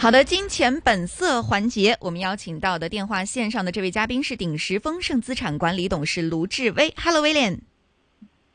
好的，金錢本色環節，我們邀請到的電話綫上的這位嘉賓是鼎石豐盛資產管理董事盧志威。Hello，William。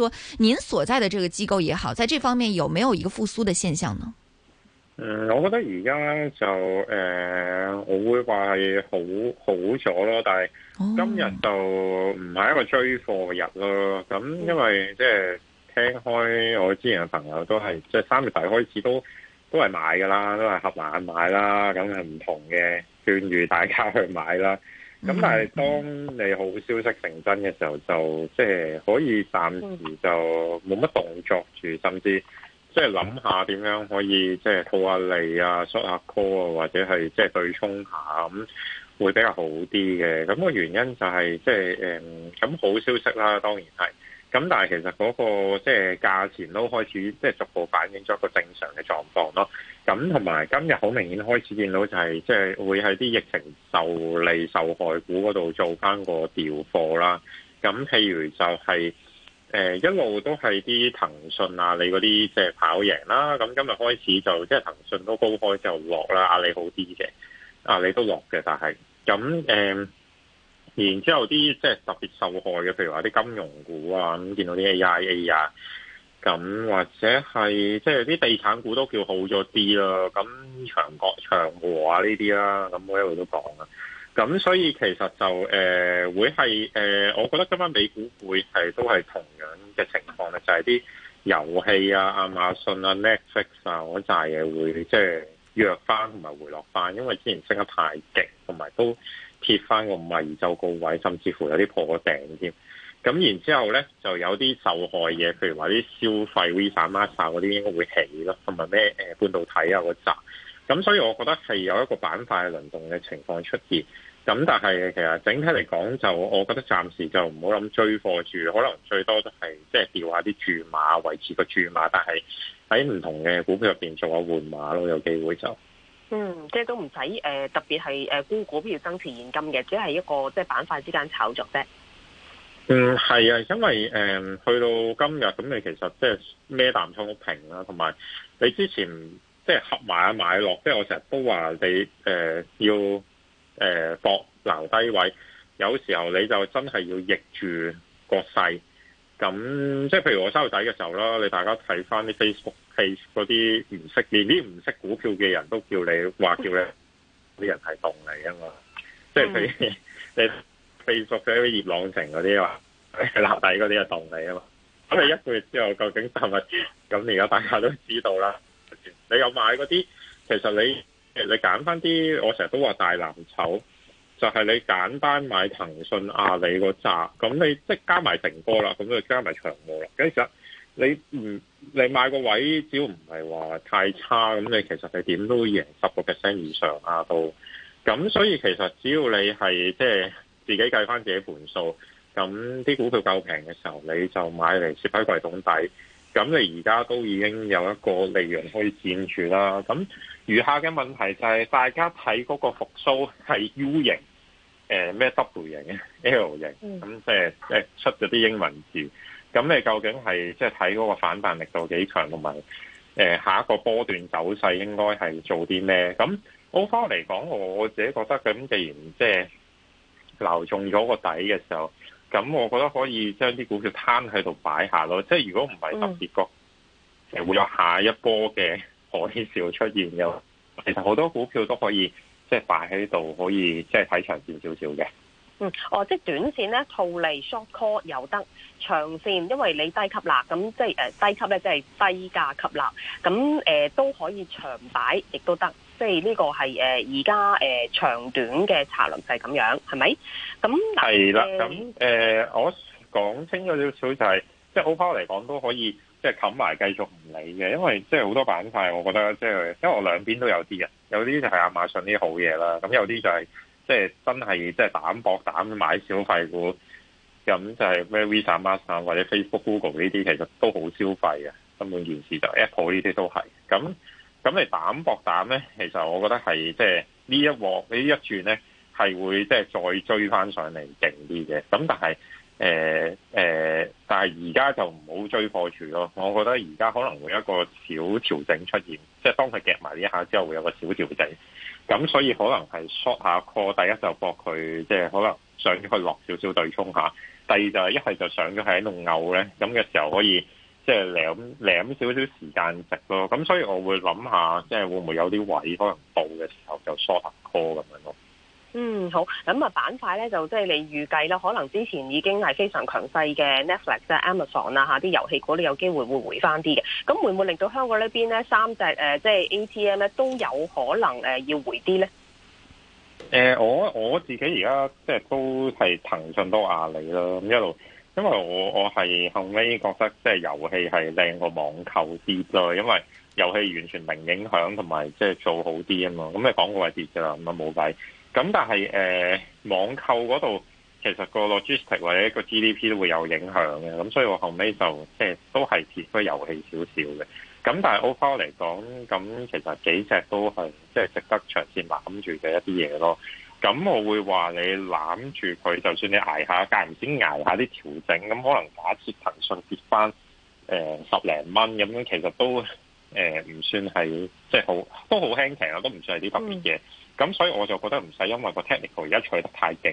說您所在的這個機構也好，在這方面有沒有一個復甦的現象呢？嗯，我覺得而家就誒、呃，我會話係好好咗咯，但係今日就唔係一個追貨日咯。咁、嗯、因為即係聽開我之前嘅朋友都係即係三月底開始都都係買噶啦，都係合埋眼買啦，咁係唔同嘅勸喻大家去買啦。咁、嗯嗯、但係當你好消息成真嘅時候，就即係、就是、可以暫時就冇乜動作住，甚至即係諗下點樣可以即係套下利啊、short 下 call 啊，或者係即係對沖下咁，會比較好啲嘅。咁、那個原因就係即係誒，咁、就是嗯、好消息啦，當然係。咁但係其實嗰、那個即係、就是、價錢都開始即係、就是、逐步反映咗一個正常嘅狀況咯。咁同埋今日好明顯開始見到就係即係會喺啲疫情受利受害股嗰度做返個調貨啦。咁譬如就係、是呃、一路都係啲騰訊啊、阿里嗰啲即係跑贏啦。咁今日開始就即係、就是、騰訊都高開就落啦，阿、啊、你好，好啲嘅，阿里都落嘅，但係咁然之後啲即係特別受害嘅，譬如話啲金融股啊，咁見到啲 AIA 啊，咁或者係即係啲地產股都叫好咗啲啦，咁長國長和啊呢啲啦，咁我一路都講啦。咁所以其實就誒、呃、會係誒、呃，我覺得今晚美股會係都係同樣嘅情況咧，就係啲遊戲啊、亞馬遜啊、Netflix 啊嗰啲嘢會即係弱翻同埋回落翻，因為之前升得太勁，同埋都，跌翻個唔係二周高位，甚至乎有啲破頂添。咁然之後咧，就有啲受害嘢，譬如話啲消費 Visa、Master 嗰啲應該會起咯，同埋咩誒半導體啊嗰集。咁、那個、所以我覺得係有一個板塊嘅輪動嘅情況出現。咁但係其實整體嚟講，就我覺得暫時就唔好諗追貨住，可能最多都、就、係、是、即係調下啲注碼，維持個注碼。但係喺唔同嘅股票入邊做下換碼咯，有機會就。嗯，即、就、係、是、都唔使誒，特別係誒，沽股票增持現金嘅，只、就、係、是、一個即係、就是、板塊之間炒作啫。嗯，係啊，因為誒、嗯，去到今日咁，你其實即係咩淡倉都平啦，同埋你之前即係、就是、合埋啊買落，即係、就是、我成日都話你誒、呃、要誒搏留低位，有時候你就真係要逆住個勢，咁即係譬如我收底嘅時候啦，你大家睇翻啲 Facebook。嗰啲唔識，連啲唔識股票嘅人都叫你話叫你啲 人係動力啊嘛！即係你 mm. 你 Facebook 嗰啲葉朗成嗰啲啊，藍底嗰啲啊動嚟啊嘛！咁你一個月之後究竟係咪？咁而家大家都知道啦。你有買嗰啲，其實你你揀翻啲，我成日都話大藍籌，就係你簡單買騰訊、阿里嗰扎，咁你，你即係加埋成波啦，咁就加埋長波啦。你唔你買個位，只要唔係話太差，咁你其實你點都會贏十個 percent 以上啊到。咁所以其實只要你係即係自己計翻自己盤數，咁啲股票夠平嘅時候，你就買嚟蝕喺櫃桶底。咁你而家都已經有一個利潤可以佔住啦。咁餘下嘅問題就係、是、大家睇嗰個復甦係 U 型，咩、呃、W 型嘅 L 型，咁即即係出咗啲英文字。咁你究竟係即係睇嗰個反彈力度幾強，同埋、呃、下一個波段走勢應該係做啲咩？咁好方嚟講，我自己覺得咁，既然即係留中咗個底嘅時候，咁我覺得可以將啲股票攤喺度擺下咯。即係如果唔係特別覺，會有下一波嘅海嘯出現，又其實好多股票都可以即係擺喺度，可以即係睇長線少少嘅。嗯，哦，即係短線咧套利 short call 又得，長線因為你低吸啦，咁即係誒低吸咧即係低價吸納，咁誒、呃、都可以長擺，亦都得，即係呢個係誒而家誒長短嘅策略就係咁樣，係咪？咁嗱，誒咁誒我講清咗少少就係，即係好倉嚟講都可以即係冚埋繼續唔理嘅，因為即係好多板塊，我覺得即係因為我兩邊都有啲人，有啲就係亞馬遜啲好嘢啦，咁有啲就係。即係真係，即係膽薄膽的買消費股，咁就係咩 Visa、Master 或者 Facebook、Google 呢啲，其實都好消費嘅。根本件事就 Apple 呢啲都係。咁咁你膽薄膽呢，其實我覺得係即係呢一鑊呢一轉呢，係會即係再追翻上嚟勁啲嘅。咁但係。誒、欸、誒、欸，但係而家就唔好追貨住咯。我覺得而家可能會有一個小調整出現，即係當佢夾埋呢一下之後，會有個小調整。咁所以可能係 short 下 call，第一就博佢，即係可能上咗去落少少對沖下；第二就係一係就上咗喺度嘔咧，咁嘅時候可以即係舐舐少少時間值咯。咁所以我會諗下，即係會唔會有啲位可能到嘅時候就 short 下 call 咁樣咯。嗯，好。咁啊，板塊咧就即係你預計啦，可能之前已經係非常強勢嘅 Netflix、即 Amazon 啊，嚇啲遊戲股，你有機會會回翻啲嘅。咁會唔會令到香港這邊呢邊咧三隻誒，即、呃、係、就是、ATM 咧都有可能誒要回啲咧？誒、呃，我我自己而家即係都係騰訊都阿里啦，咁一路，因為我我係後尾覺得即係遊戲係靚過網購啲咯，因為遊戲完全零影響，同埋即係做好啲啊嘛。咁你廣告費跌嘅啦，咁啊冇計。咁但係誒、呃、網購嗰度其實個 logistic 或者個 GDP 都會有影響嘅，咁所以我後尾就即係都係只咗遊戲少少嘅。咁但係 overall 嚟講，咁其實幾隻都係即係值得長線攬住嘅一啲嘢咯。咁我會話你攬住佢，就算你挨下，間唔之挨下啲調整，咁可能假設騰訊跌翻誒、呃、十零蚊咁樣，其實都誒唔、呃、算係即係好都好輕平啊，都唔算係啲特別嘅。嗯咁所以我就覺得唔使因為個 technical 而家取得太勁，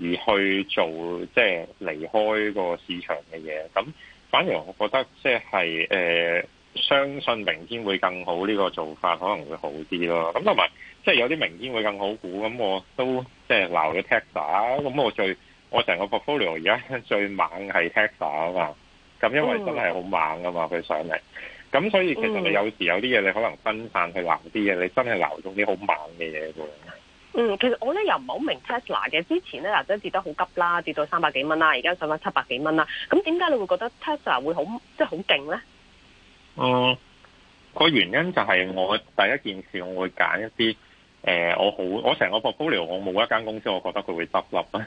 而去做即係、就是、離開個市場嘅嘢。咁反而我覺得即係誒相信明天會更好呢個做法可能會好啲咯。咁同埋即係有啲明天會更好股，咁我都即係撈咗 Tesla。咁、就是、我最我成個 portfolio 而家最猛係 Tesla 啊嘛。咁因為真係好猛㗎嘛，佢上嚟。咁所以其實你有時有啲嘢你可能分散去撈啲嘢，你真係撈中啲好猛嘅嘢嘅。嗯，其實我咧又唔係好明 Tesla 嘅。之前咧，嗱真係跌得好急啦，跌到三百幾蚊啦，而家上翻七百幾蚊啦。咁點解你會覺得 Tesla 會好即係好勁咧？哦、就是，嗯那個原因就係我第一件事，我會揀一啲誒、呃，我好我成個 portfolio 我冇一間公司，我覺得佢會執笠咧，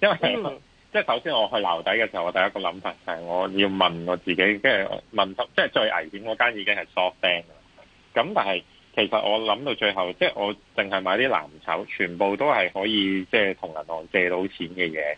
因為。嗯即係首先我去樓底嘅時候，我第一個諗法就係我要問我自己，即係問即係最危險嗰間已經係 SoftBank。咁但係其實我諗到最後，即係我淨係買啲藍籌，全部都係可以即係同銀行借到錢嘅嘢。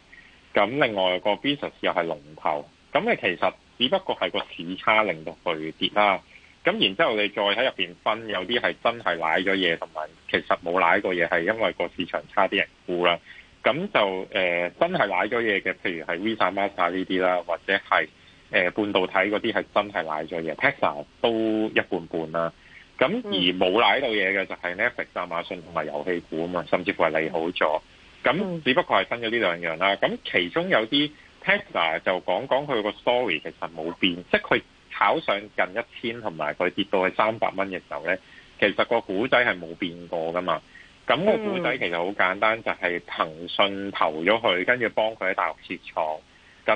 咁另外個 business 又係龍頭，咁你其實只不過係個市差令到佢跌啦。咁然之後你再喺入面分，有啲係真係瀨咗嘢，同埋其實冇瀨過嘢，係因為個市場差啲人沽啦。咁就誒、呃、真係奶咗嘢嘅，譬如係 Visa、Master 呢啲啦，或者係誒、呃、半導體嗰啲係真係奶咗嘢。Tesla 都一半半啦。咁而冇奶到嘢嘅就係 Netflix、亞馬遜同埋遊戲股啊嘛，甚至乎係利好咗。咁只不過係分咗呢兩樣啦。咁其中有啲 Tesla 就講講佢個 story，其實冇變，即係佢炒上近一千，同埋佢跌到去三百蚊嘅時候咧，其實個古仔係冇變過噶嘛。咁、那個故仔其實好簡單，就係、是、騰訊投咗佢，跟住幫佢喺大陸設廠，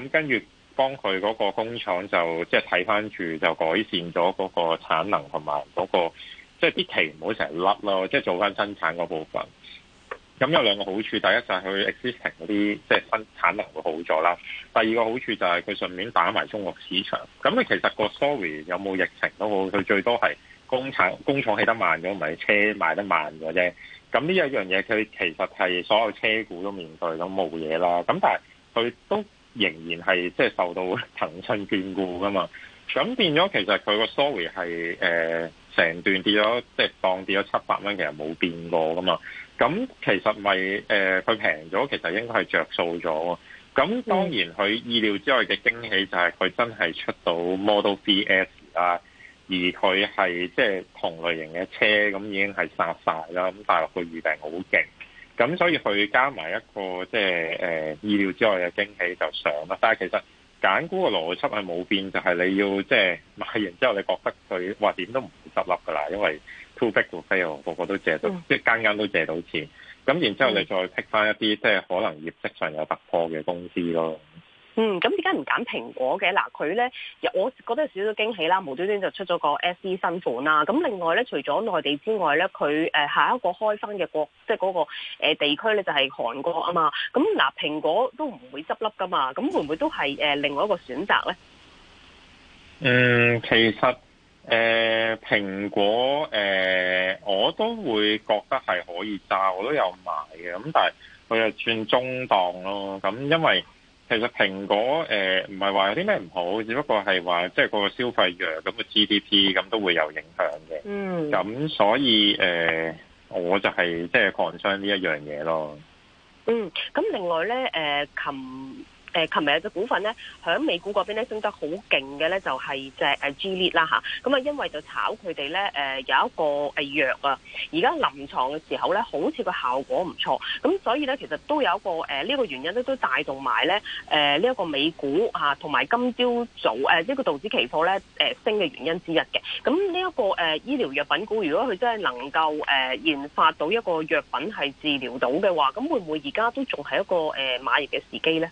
咁跟住幫佢嗰個工廠就即係睇翻住就改善咗嗰個產能同埋嗰個，即係啲期唔好成日甩咯，即、就、係、是、做翻生產嗰部分。咁有兩個好處，第一就係佢 existing 嗰啲即係生產能會好咗啦。第二個好處就係佢順便打埋中國市場。咁你其實個 story 有冇疫情都好，佢最多係工廠工廠起得慢咗，唔係車賣得慢咗啫。咁呢一樣嘢，佢其實係所有車股都面對到冇嘢啦。咁但係佢都仍然係即係受到騰訊眷顧噶嘛。咁變咗其實佢個 story 係誒成段跌咗，即係當跌咗七百蚊，其實冇變過噶嘛。咁其實咪誒佢平咗，其實應該係着數咗。咁當然佢意料之外嘅驚喜就係佢真係出到 Model BS 啦、啊。而佢係即係同類型嘅車，咁已經係殺晒啦。咁大陸嘅預訂好勁，咁所以佢加埋一個即係誒意料之外嘅驚喜就上啦。但係其實揀股嘅邏輯係冇變，就係、是、你要即係、就是、買完之後，你覺得佢話點都唔會執笠㗎啦。因為 too big to fail，個個都借到，即、mm. 係間間都借到錢。咁然之後你再 pick 返一啲即係可能業績上有突破嘅公司咯。嗯，咁點解唔揀蘋果嘅？嗱，佢咧，我覺得有少少驚喜啦，無端端就出咗個 SE 新款啦。咁另外咧，除咗內地之外咧，佢下一個開翻嘅國，即係嗰個地區咧，就係韓國啊嘛。咁嗱，蘋果都唔會執笠噶嘛。咁會唔會都係另外一個選擇咧？嗯，其實、呃、蘋果、呃、我都會覺得係可以揸，但我都有買嘅。咁但係佢又轉中檔咯。咁因為其實蘋果誒唔係話有啲咩唔好，只不過係話即係個消費量，咁個 GDP 咁都會有影響嘅。嗯，咁所以誒、呃、我就係即係擴張呢一樣嘢咯。就是、嗯，咁另外咧誒琴。呃誒，琴日有隻股份咧，響美股嗰邊咧升得好勁嘅咧，就係隻誒 Gilead 啦吓，咁啊因為就炒佢哋咧，誒有一個誒藥啊，而家臨床嘅時候咧，好似個效果唔錯，咁所以咧其實都有一個誒呢個原因咧都帶動埋咧誒呢一個美股吓，同埋今朝早誒呢個道指期貨咧誒升嘅原因之一嘅，咁呢一個誒醫療藥品股如果佢真係能夠誒研發到一個藥品係治療到嘅話，咁會唔會而家都仲係一個誒買入嘅時機咧？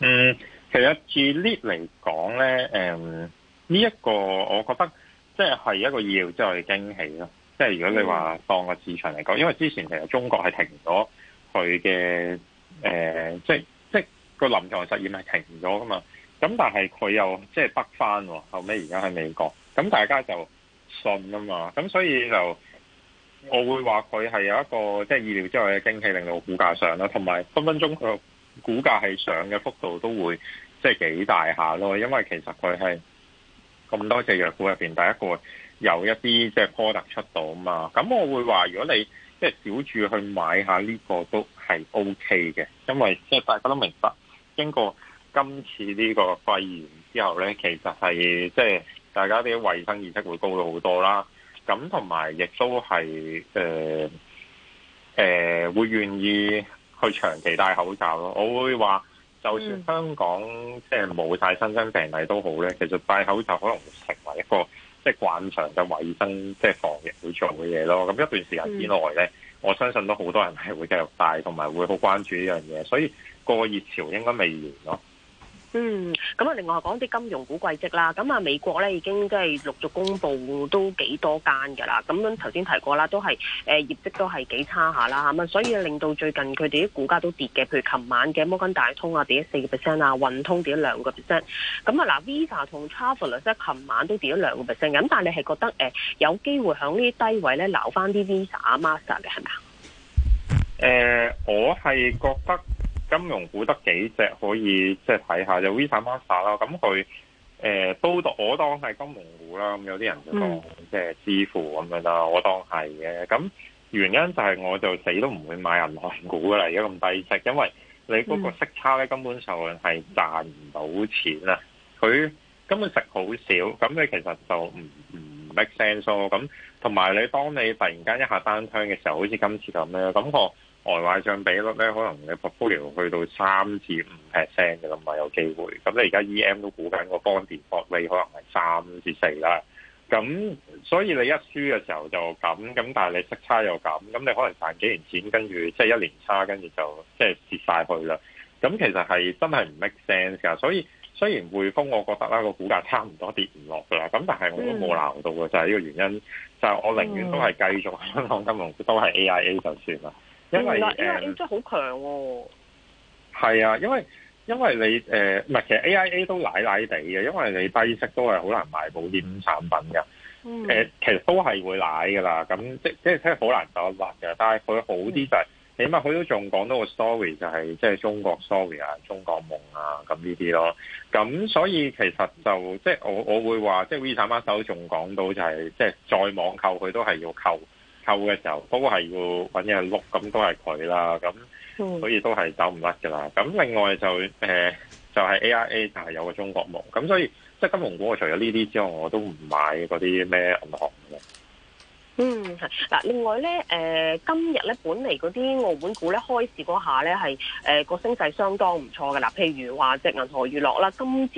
嗯，其實 Gilead 嚟講咧，誒、嗯，呢、這、一個我覺得即係一個意料之外嘅驚喜咯。即、就、係、是、如果你話當個市場嚟講、嗯，因為之前其實中國係停咗佢嘅誒，即係即係個臨床實驗係停咗噶嘛。咁但係佢又即係得翻，後尾而家喺美國，咁大家就信啊嘛。咁所以就我會話佢係有一個即係、就是、意料之外嘅驚喜，令到股價上啦，同埋分分鐘佢。股價係上嘅幅度都會即係幾大一下咯，因為其實佢係咁多隻藥股入邊第一個有一啲即係 product 出到嘛，咁我會話如果你即係小注去買一下呢個都係 OK 嘅，因為即係大家都明白經過今次呢個肺炎之後呢，其實係即係大家啲衛生意識會高咗好多啦，咁同埋亦都係誒誒會願意。去長期戴口罩咯，我會話就算香港、嗯、即係冇晒新增病例都好咧，其實戴口罩可能會成為一個即係慣常嘅衞生即係防疫會做嘅嘢咯。咁一段時間之內咧、嗯，我相信都好多人係會繼續戴，同埋會好關注呢樣嘢，所以個熱潮應該未完咯。.嗯，咁啊，另外講啲金融股季績啦，咁啊，美國咧已經即係陸續公布都幾多間㗎啦。咁樣頭先提過啦，都係誒、呃、業績都係幾差下啦，咁啊，所以令到最近佢哋啲股價都跌嘅，譬如琴晚嘅摩根大通啊跌咗四個 percent 啊，運通跌咗兩個 percent。咁啊嗱，Visa 同 Travelers 咧，琴晚都跌咗兩個 percent。咁但係你係覺得誒、呃、有機會喺呢啲低位咧，留翻啲 Visa、Master 嘅係咪啊？誒，我係覺得。金融股得幾隻可以即係睇下就 Visa Master 啦，咁佢誒都我當係金融股啦，咁有啲人就當、mm. 即係支付咁樣啦，我當係嘅。咁原因就係我就死都唔會買銀行股啦，而家咁低息，因為你嗰個息差咧根本就係賺唔到錢啊！佢、mm. 根本食好少，咁你其實就唔唔 make sense 咯。咁同埋你當你突然間一下單槍嘅時候，好似今次咁咧，咁、那、我、個。外匯上比率咧，可能你 floating 去到三至五 percent 嘅咁啊，有機會。咁你而家 EM 都估緊個 bond yield 可能係三至四啦。咁所以你一輸嘅時候就咁，咁但係你息差又咁，咁你可能賺幾年錢，跟住即係一年差，跟住就即係跌晒去啦。咁、就係、其實係真係唔 make sense 㗎。所以雖然匯豐我覺得啦、個股價差唔多跌唔落㗎啦，咁但係我都冇鬧到㗎，就係、係、呢個原因。就係、我寧願都係繼續香港金融都係 AIA 就算啦。因為誒，嗯 AIA、真好強喎、哦。係啊，因為因為你誒，唔、呃、係其實 AIA 都奶奶地嘅，因為你低息都係好難賣保險產品嘅。誒、嗯呃，其實都係會奶噶啦，咁即即係好難走運嘅。但係佢好啲就係、是嗯，起碼佢都仲講到個 story 就係、是、即係中國 story 中國啊，中國夢啊咁呢啲咯。咁所以其實就即係我我會話，即係 WeChat 手仲講到就係、是、即係再網購佢都係要扣。購嘅時候都係要揾嘢碌，咁都係佢啦，咁所以都係走唔甩噶啦。咁另外就誒、呃，就係、是、AIA 就係有個中國夢，咁所以即係金融股，我除咗呢啲之外，我都唔買嗰啲咩銀行嘅。嗯，係嗱，另外咧，誒、呃，今日咧本嚟嗰啲澳門股咧開市嗰下咧係誒個升勢相當唔錯嘅嗱，譬如話隻銀河娛樂啦，今朝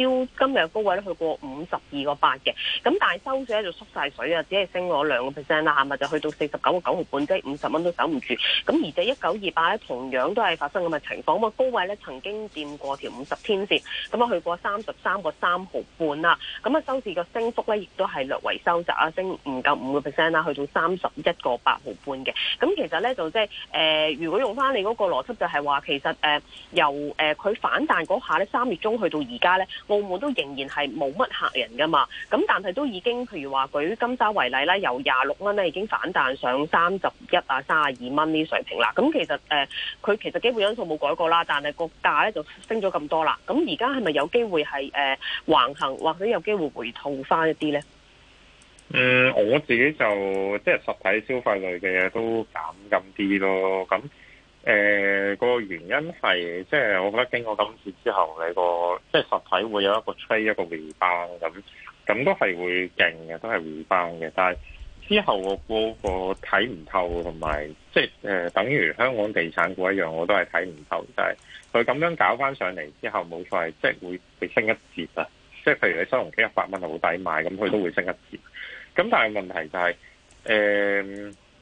今日高位咧去過五十二個八嘅，咁但係收市咧就縮晒水啊，只係升咗兩個 percent 啦吓，係咪就去到四十九個九毫半，即五十蚊都守唔住。咁而且一九二八咧，同樣都係發生咁嘅情況，咁啊高位咧曾經掂過條五十天線，咁啊去過三十三個三毫半啦，咁啊收市個升幅咧亦都係略為收窄啊，升唔夠五個 percent 啦，去到。三十一個八毫半嘅，咁其實咧就即係誒、呃，如果用翻你嗰個邏輯就是說，就係話其實誒、呃、由誒佢、呃、反彈嗰下咧，三月中去到而家咧，澳門都仍然係冇乜客人噶嘛，咁但係都已經譬如話舉金沙為例啦，由廿六蚊咧已經反彈上三十一啊、三十二蚊呢水平啦，咁其實誒佢、呃、其實基本因素冇改過啦，但係個價咧就升咗咁多啦，咁而家係咪有機會係誒、呃、橫行，或者有機會回吐翻一啲咧？嗯，我自己就即係實體消費類嘅嘢都減咁啲咯。咁誒，呃，那個原因係即係我覺得經過今次之後，你個即係實體會有一個推一個回翻咁，咁都係會勁嘅，都係回翻嘅。但係之後我個個睇唔透，同埋即係誒、呃，等於香港地產股一樣，我都係睇唔透。就係佢咁樣搞翻上嚟之後，冇錯即係會會升一折啊！即係譬如你收容股一百蚊係好抵買，咁佢都會升一折。咁但係問題就係、是，誒、呃，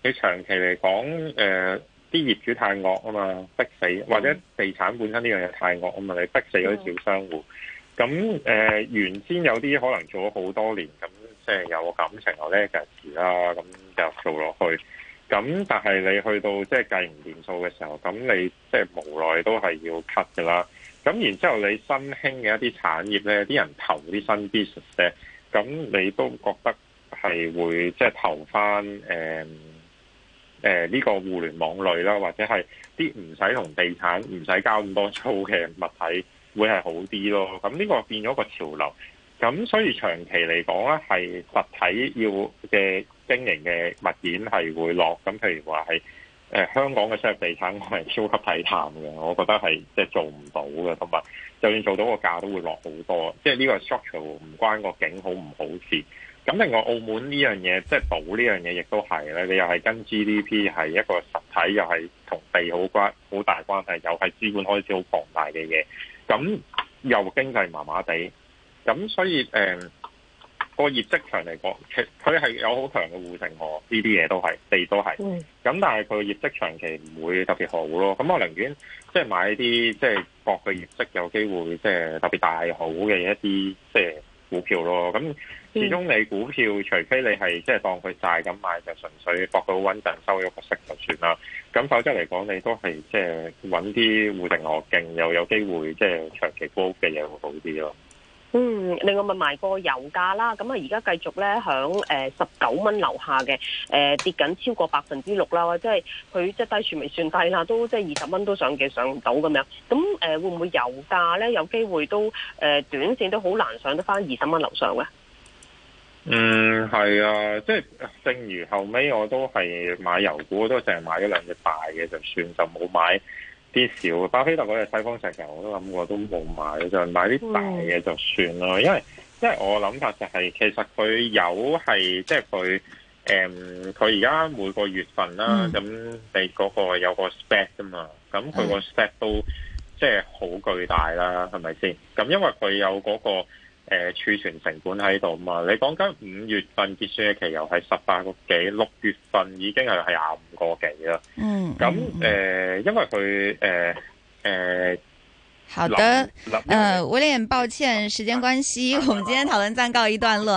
你長期嚟講，誒、呃，啲業主太惡啊嘛，逼死，或者地產本身呢樣嘢太惡啊嘛，你逼死嗰啲小商戶。咁、嗯、誒、呃，原先有啲可能做咗好多年，咁即係有感情事，有咧就時啦，咁就做落去。咁但係你去到即係計唔掂數嘅時候，咁你即係無奈都係要 cut 㗎啦。咁然之後，你新興嘅一啲產業咧，啲人投啲新 business 嘅，咁你都覺得。係會即係、就是、投翻誒誒呢個互聯網類啦，或者係啲唔使同地產唔使交咁多租嘅物體，會係好啲咯。咁呢個變咗個潮流。咁所以長期嚟講咧，係實體要嘅經營嘅物件係會落。咁譬如話係誒香港嘅商業地產，我係超級睇淡嘅。我覺得係即係做唔到嘅，同埋就算做到個價都會落好多。即係呢個 structure 唔關個景好唔好事。咁另外澳門呢樣嘢，即、就、係、是、賭呢樣嘢，亦都係咧，你又係跟 GDP 係一個實體，又係同地好關好大關係，又係資本開支好龐大嘅嘢。咁又經濟麻麻地，咁所以誒個、嗯、業績上嚟講，佢佢係有好強嘅護城河呢啲嘢都係地都係。咁但係佢業績長期唔會特別好咯。咁我寧願即係買啲即係各個業績有機會即係、就是、特別大好嘅一啲即係股票咯。咁始終你股票，除非你係即係當佢債咁買，就純粹博到穩陣收咗個息就算啦。咁否則嚟講，你都係即係揾啲護城河勁，又有機會即係長期高嘅嘢會好啲咯。嗯，另外咪賣個油價啦。咁啊，而家繼續咧響誒十九蚊樓下嘅跌緊超過百分之六啦，或者係佢即係低處未算低啦，都即係二十蚊都上嘅上唔到咁樣。咁誒會唔會油價咧有機會都短線都好難上得翻二十蚊樓上嘅？嗯，係啊，即係正如後尾我都係買油股，都淨係買咗兩隻大嘅就算，就冇買啲小。巴菲特嗰隻西方石油，我都諗過都冇買，就買啲大嘅就算啦。因為即係我諗法就係、是，其實佢有，係即係佢，誒、嗯，佢而家每個月份啦，咁你嗰個有個 spec 噶嘛，咁佢個 spec 都即係好巨大啦，係咪先？咁因為佢有嗰、那個。誒、呃，儲存成本喺度嘛？你講緊五月份結算嘅期油係十八個幾，六月份已經係係廿五個幾啦。嗯，咁誒、嗯呃，因為佢誒誒，好的，誒、呃，William，抱歉，時間關係，我們今天討論暫告一段落。